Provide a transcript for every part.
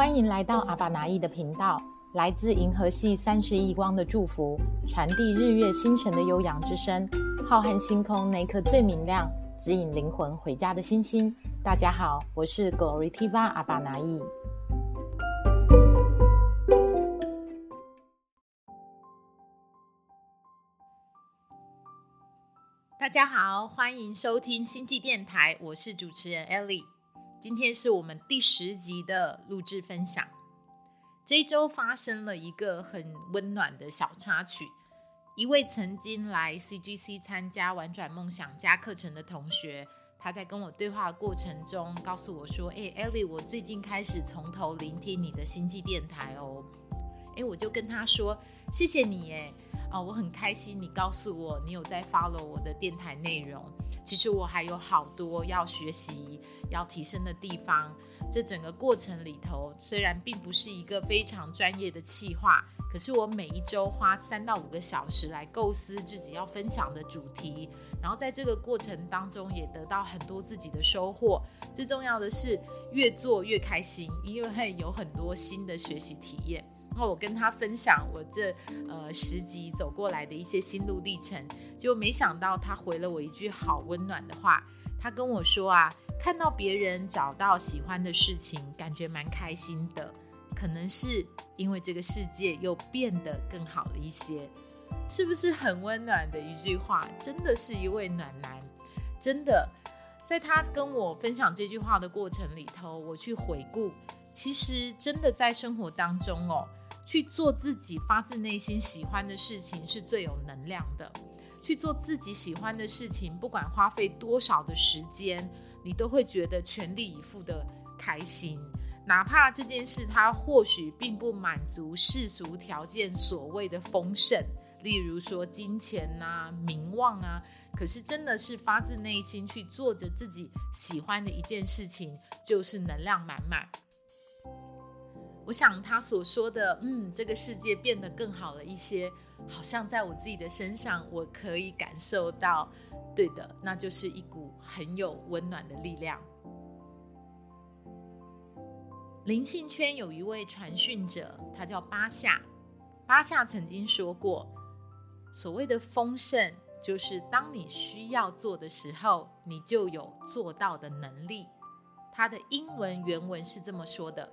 歡迎來到阿巴拿意的頻道，來自銀河系三十億光的祝福，傳遞日月星辰的悠揚之聲。浩瀚星空那顆最明亮，指引靈魂回家的星星。大家好，我是 Glory Tiva 阿巴拿意。大家好，歡迎收聽星際電台，我是主持人 Ellie。今天是我們第十集的錄製分享。這一周發生了一個很溫暖的小插曲，一位曾經來 CGC 參加玩轉夢想家課程的同學，他在跟我對話的過程中，告訴我說：“哎，欸，Ellie，我最近開始從頭聆聽你的星際電台哦。”欸，哎，我就跟他說：“謝謝你，哎，啊，我很開心你告訴我你有在 follow 我的電台內容。”其實我還有好多要學習、要提升的地方。這整個過程裡頭，雖然並不是一個非常專業的企劃，可是我每一周花三到五個小時來構思自己要分享的主題，然後在這個過程當中也得到很多自己的收穫。最重要的是，越做越開心，因為會有很多新的學習體驗。然後我跟他分享我這呃十集走過來的一些心路歷程，就沒想到他回了我一句好溫暖的話。他跟我說啊，看到別人找到喜歡的事情，感覺蠻開心的，可能是因為這個世界又變得更好了一些，是不是很溫暖的一句話？真的是一位暖男，真的在他跟我分享這句話的過程裡頭，我去回顧，其實真的在生活當中哦。去做自己發自內心喜歡的事情是最有能量的。去做自己喜歡的事情，不管花費多少的時間，你都會覺得全力以赴的開心。哪怕這件事它或許並不滿足世俗條件所謂的豐盛，例如說金錢啊、名望啊，可是真的是發自內心去做着自己喜歡的一件事情，就是能量滿滿。我想他所說的“嗯，這個世界變得更好了一些”，好像在我自己的身上，我可以感受到，對的，那就是一股很有溫暖的力量。靈性圈有一位傳訊者，他叫巴夏。巴夏曾經說過：“所謂的豐盛，就是當你需要做的時候，你就有做到的能力。”他的英文原文是這麼說的。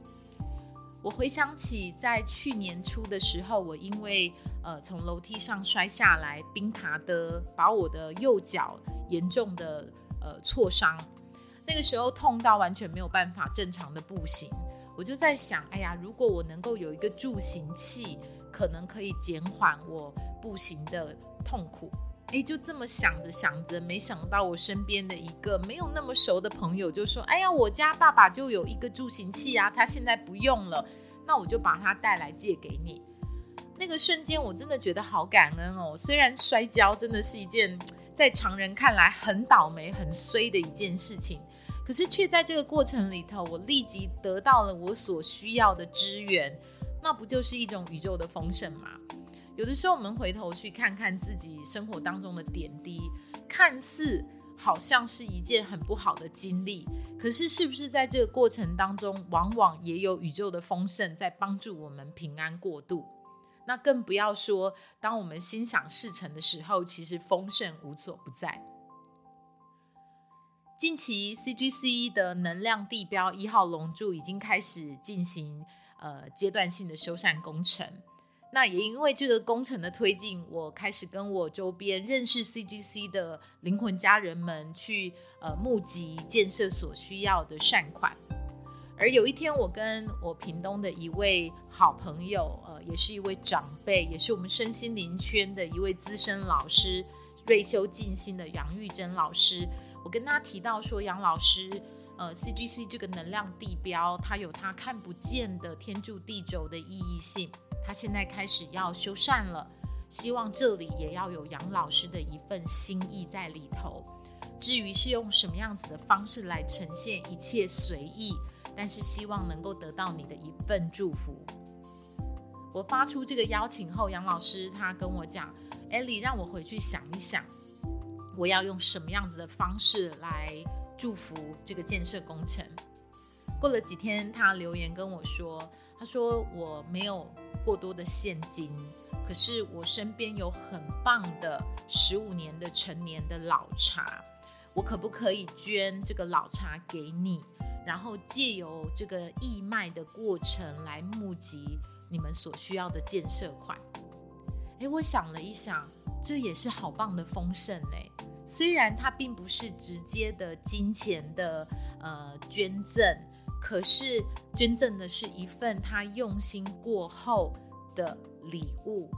我回想起在去年初的時候，我因為呃從樓梯上摔下來，冰爬的把我的右腳嚴重的呃挫傷，那個時候痛到完全沒有辦法正常的步行，我就在想，哎呀，如果我能夠有一個助行器，可能可以減緩我步行的痛苦。哎，就這麼想着想着，沒想到我身邊的一個沒有那麼熟的朋友就說：“哎呀，我家爸爸就有一個助行器啊，他現在不用了，那我就把它帶來借給你。”那個瞬間，我真的覺得好感恩哦。雖然摔跤真的是一件在常人看來很倒霉、很衰的一件事情，可是卻在這個過程裡頭，我立即得到了我所需要的支援，那不就是一種宇宙的豐盛嗎？有的時候，我們回頭去看看自己生活當中的點滴，看似好像是一件很不好的經歷，可是是不是在這個過程當中，往往也有宇宙的豐盛在幫助我們平安過渡？那更不要說，當我們心想事成的時候，其實豐盛無所不在。近期 CGC 的能量地標一號龍柱已經開始進行呃階段性的修繕工程。那也因為這個工程的推進，我開始跟我周邊認識 CGC 的靈魂家人們去呃募集建設所需要的善款。而有一天，我跟我屏東的一位好朋友，呃，也是一位長輩，也是我們身心靈圈的一位資深老師，瑞修靜心的楊玉珍老師，我跟她提到說，楊老師，呃，CGC 這個能量地標，它有它看不見的天柱地軸的意義性。他現在開始要修繕了，希望這裡也要有楊老師的一份心意在裡頭。至於是用什麼樣子的方式來呈現，一切隨意，但是希望能夠得到你的一份祝福。我發出這個邀請後，楊老師他跟我講：“Ellie，讓我回去想一想，我要用什麼樣子的方式來祝福這個建設工程。”過了幾天，他留言跟我說：“他說我沒有過多的現金，可是我身邊有很棒的十五年的陳年的老茶，我可不可以捐這個老茶給你？然後借由這個義賣的過程來募集你們所需要的建設款？”誒、欸，我想了一想，這也是好棒的豐盛哎、欸，雖然它並不是直接的金錢的呃捐贈。可是捐贈的是一份他用心過後的禮物，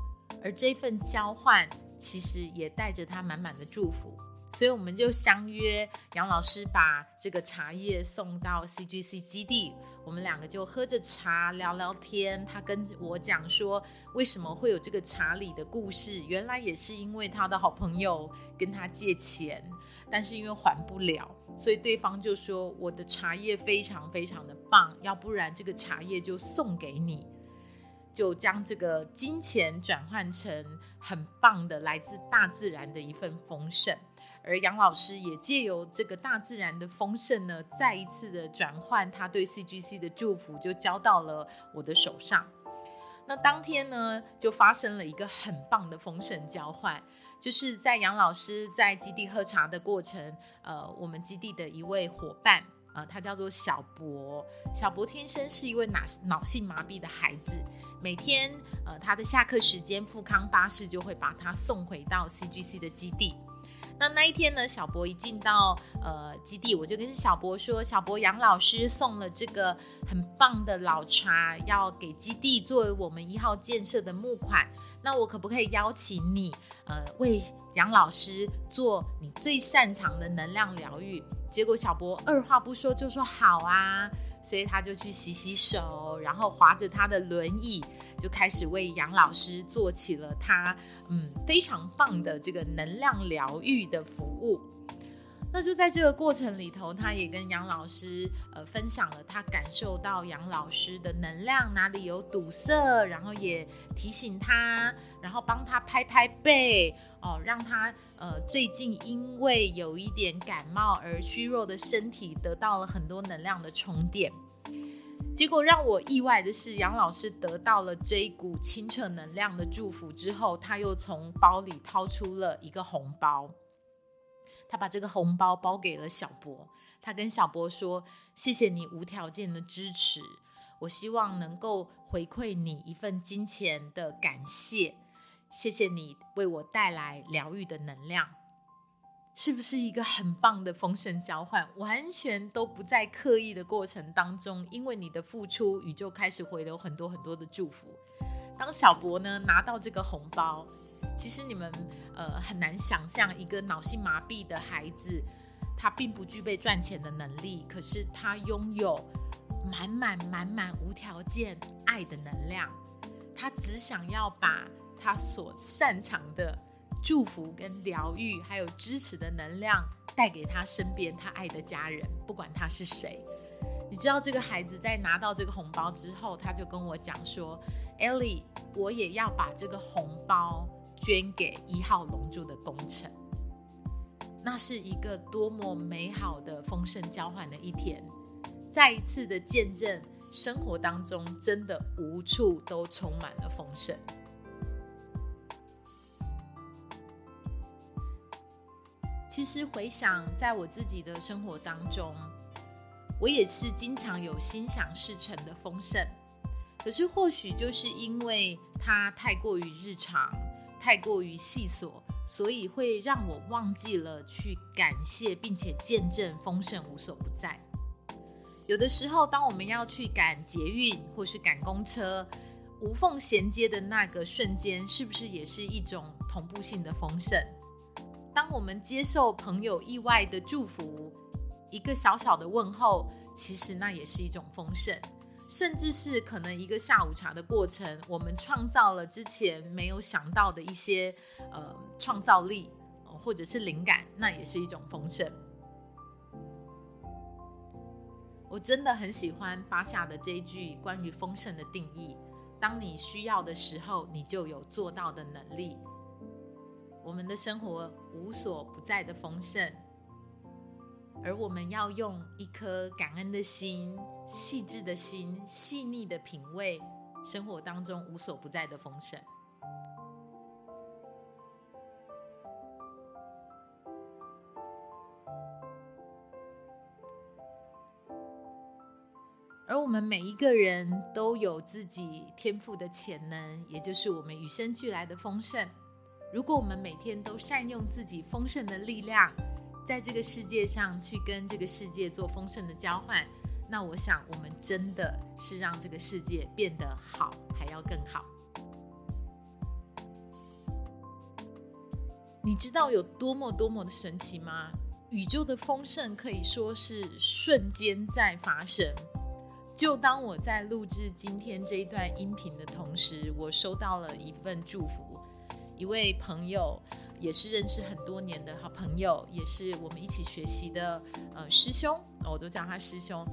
而這份交換其實也帶着他滿滿的祝福，所以我們就相約楊老師把這個茶葉送到 CGC 基地，我們兩個就喝着茶聊聊天。他跟我講說，為什麼會有這個茶禮的故事，原來也是因為他的好朋友跟他借錢，但是因為還不了。所以對方就說：“我的茶葉非常非常的棒，要不然這個茶葉就送給你，就將這個金錢轉換成很棒的來自大自然的一份豐盛。”而楊老師也借由這個大自然的豐盛呢，再一次的轉換他對 CGC 的祝福，就交到了我的手上。那當天呢，就發生了一個很棒的豐盛交換。就是在楊老師在基地喝茶的過程，呃，我們基地的一位伙伴，呃，他叫做小博，小博天生是一位腦腦性麻痹的孩子，每天，呃，他的下課時間，富康巴士就會把他送回到 CGC 的基地。那那一天呢？小博一進到呃基地，我就跟小博說：“小博，楊老師送了這個很棒的老茶，要給基地作為我們一號建設的募款。那我可不可以邀請你，呃，為楊老師做你最擅長的能量療癒？”結果小博二話不說就說：“好啊。”所以他就去洗洗手，然後划着他的輪椅，就開始為楊老師做起了他嗯非常棒的這個能量療癒的服務。那就在這個過程裡頭，他也跟楊老師呃分享了他感受到楊老師的能量哪裡有堵塞，然後也提醒他。然後幫他拍拍背，哦，讓他呃最近因為有一點感冒而虛弱的身體得到了很多能量的充電。結果讓我意外的是，楊老師得到了這一股清澈能量的祝福之後，他又從包裡掏出了一個紅包。他把這個紅包包給了小博，他跟小博說：“謝謝你無條件的支持，我希望能夠回饋你一份金錢的感謝。”謝謝你為我帶來療癒的能量，是不是一個很棒的豐盛交換？完全都不在刻意的過程當中，因為你的付出，宇宙開始回流很多很多的祝福。當小博呢拿到這個紅包，其實你們呃很難想象，一個腦性麻痹的孩子，他並不具備賺錢的能力，可是他擁有滿滿滿滿無條件愛的能量，他只想要把。他所擅長的祝福跟療癒，還有支持的能量，帶給他身邊他愛的家人，不管他是誰。你知道這個孩子在拿到這個紅包之後，他就跟我講說：“Ellie，我也要把這個紅包捐給一號龍珠的工程。”那是一個多麼美好的豐盛交換的一天，再一次的見證，生活當中真的無處都充滿了豐盛。其實回想，在我自己的生活當中，我也是經常有心想事成的豐盛。可是或許就是因為它太過於日常、太過於細瑣，所以會讓我忘記了去感謝，並且見證豐盛無所不在。有的時候，當我們要去趕捷運或是趕公車，無縫銜接的那個瞬間，是不是也是一種同步性的豐盛？當我們接受朋友意外的祝福，一個小小的問候，其實那也是一種豐盛。甚至是可能一個下午茶的過程，我們創造了之前沒有想到的一些呃創造力，或者是靈感，那也是一種豐盛。我真的很喜歡巴夏的這一句關於豐盛的定義：當你需要的時候，你就有做到的能力。我們的生活無所不在的豐盛，而我們要用一顆感恩的心、細緻的心、細膩的品味生活當中無所不在的豐盛。而我們每一個人都有自己天賦的潛能，也就是我們與生俱來的豐盛。如果我們每天都善用自己豐盛的力量，在這個世界上去跟這個世界做豐盛的交換，那我想我們真的是讓這個世界變得好，還要更好。你知道有多麼多麼的神奇嗎？宇宙的豐盛可以說是瞬間在發生。就當我在錄制今天這一段音頻的同時，我收到了一份祝福。一位朋友，也是認識很多年的好朋友，也是我們一起學習的呃師兄，我都叫他師兄。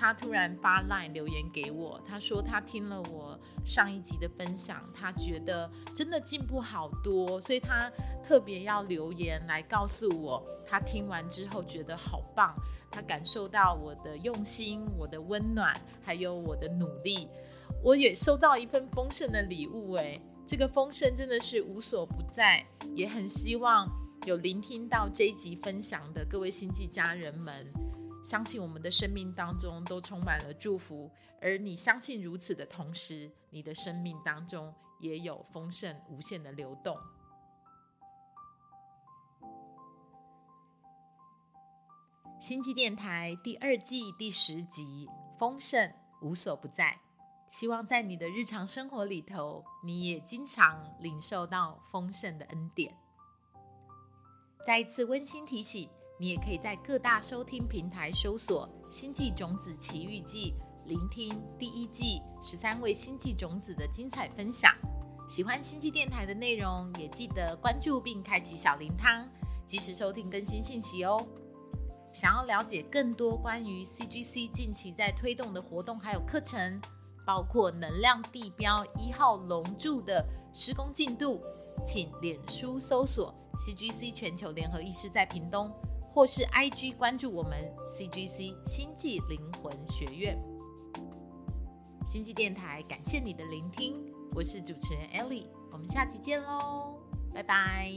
他突然發 Line 留言給我，他說他聽了我上一集的分享，他覺得真的進步好多，所以他特別要留言來告訴我，他聽完之後覺得好棒，他感受到我的用心、我的溫暖，還有我的努力。我也收到一份豐盛的禮物、欸，誒。這個豐盛真的是無所不在，也很希望有聆聽到這一集分享的各位星際家人們，相信我們的生命當中都充滿了祝福。而你相信如此的同時，你的生命當中也有豐盛無限的流動。星際電台第二季第十集《豐盛無所不在》。希望在你的日常生活裡頭，你也經常領受到豐盛的恩典。再一次溫馨提醒，你也可以在各大收聽平台搜索《星際種子奇遇記》，聆聽第一季十三位星際種子的精彩分享。喜歡星際電台的內容，也記得關注並開啟小鈴鐺，及時收聽更新信息哦。想要了解更多關於 CGC 近期在推動的活動還有課程，包括能量地標一號龍柱的施工進度，請臉書搜索 CGC 全球聯合意識在屏東，或是 IG 關注我們 CGC 星際靈魂學院星際電台。感謝你的聆聽，我是主持人 Ellie，我們下期見嘍，拜拜。